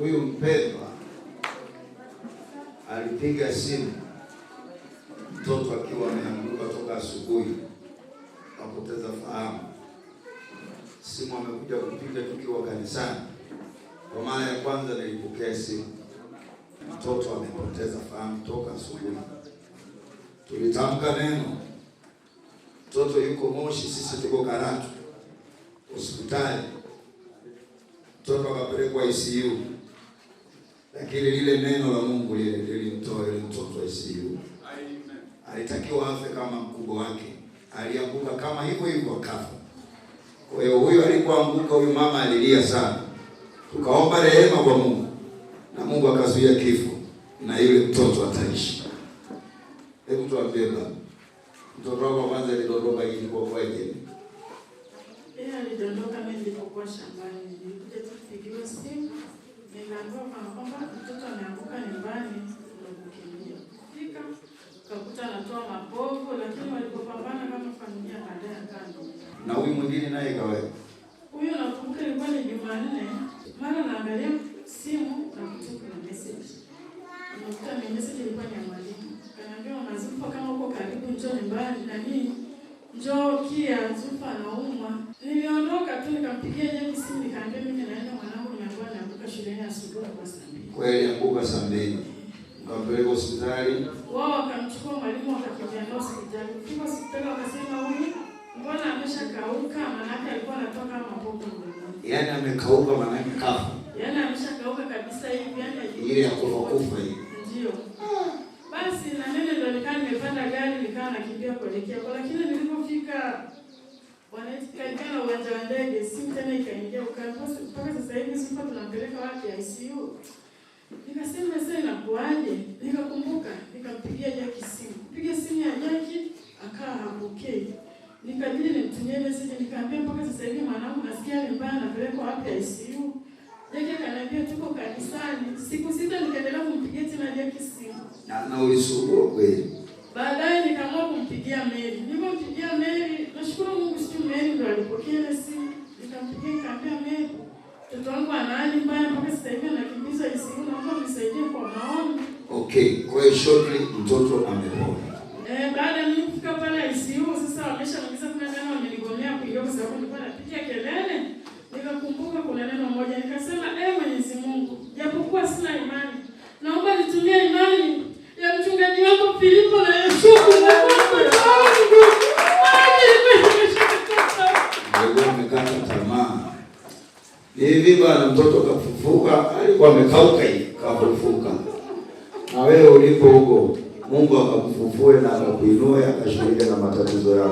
huyu mpendwa alipiga simu mtoto akiwa ameanguka toka asubuhi, akapoteza fahamu. Simu amekuja kupiga tukiwa kanisani. Kwa mara ya kwanza nilipokea simu, mtoto amepoteza fahamu toka asubuhi. Tulitamka neno, mtoto yuko Moshi, sisi tuko Karatu hospitali, mtoto akapelekwa ICU. Lakini lile neno la Mungu lile lilimtoa yule mtoto wa ICU. Alitakiwa afe kama mkubwa wake, alianguka kama hivyo hivyo akafa. Kwa hiyo huyo alipoanguka, huyu mama alilia sana, tukaomba rehema kwa Mungu na Mungu akazuia kifo na yule mtoto ataishi. Hebu tuambie baba, mtoto wako kwanza alidondoka ili kwa kweli? Yeye alidondoka mimi nilipokuwa shambani. Nilikuja tu na huyu mwingine naye kaweka huyo. Nakumbuka ilikuwa ni Jumanne, mara naangalia simu na kutoka na message, nakuta ni message ilikuwa ni ya mwalimu, kanaambia Mazufa, kama uko karibu njoo nyumbani na nini, njoo kia Zufa anaumwa. Niliondoka tu nikampigia yeye simu, nikaambia mimi naenda mwanangu, niambiwa naanguka shuleni asubuhi kwa saa mbili. Kweli anguka saa mbili, mkampeleka hospitali, wao wakamchukua mwalimu, wakakimbiana hospitali. Kufika hospitali wakasema huyu Mbona ameshakauka? Maanake alikuwa anatoka mapopo. Yaani amekauka, maanake kafa. Yaani ameshakauka kabisa hivi, yaani ile ya kufa kufa hivi. Ndio. Ah. Basi na mimi ndo nikaa nimepanda gari nikaa nakimbia kuelekea kwa, lakini nilipofika wanaikaribia uwanja wa ndege, simu tena ikaingia ukani. Mpaka sasa hivi sifa tunampeleka wapi ICU? Nikasema sasa inakuaje? Nikakumbuka nikabidi nimtumie message nikamwambia, mpaka sasa hivi mwanangu nasikia ni mbaya, anapelekwa wapi ICU? Jeki kanambia tuko kanisani. Siku sita nikaendelea kumpigia tena Jeki simu. Na na ulisumbua kweli. Baadaye nikaamua kumpigia Mary. Nilipompigia Mary, nashukuru Mungu sijui Mary ndo alipokea ile simu. Nikampigia nikamwambia Mary, mtoto wangu ana hali mbaya mpaka sasa hivi anakimbizwa ICU, naomba unisaidie kwa maombi. Okay, kwa hiyo shortly mtoto amepona. Eh, baada mimi kufika pale sababu nilikuwa napiga kelele, nikakumbuka kuna neno moja nikasema, e, Mwenyezi Mungu, japokuwa sina imani, naomba nitumie imani ya mchungaji wako Filipo na Yeshuku hivi bwana, mtoto kafufuka, alikuwa amekauka hivi, kafufuka na wewe ulipo huko, Mungu akakufufue na akakuinue akashuhudia na matatizo yako.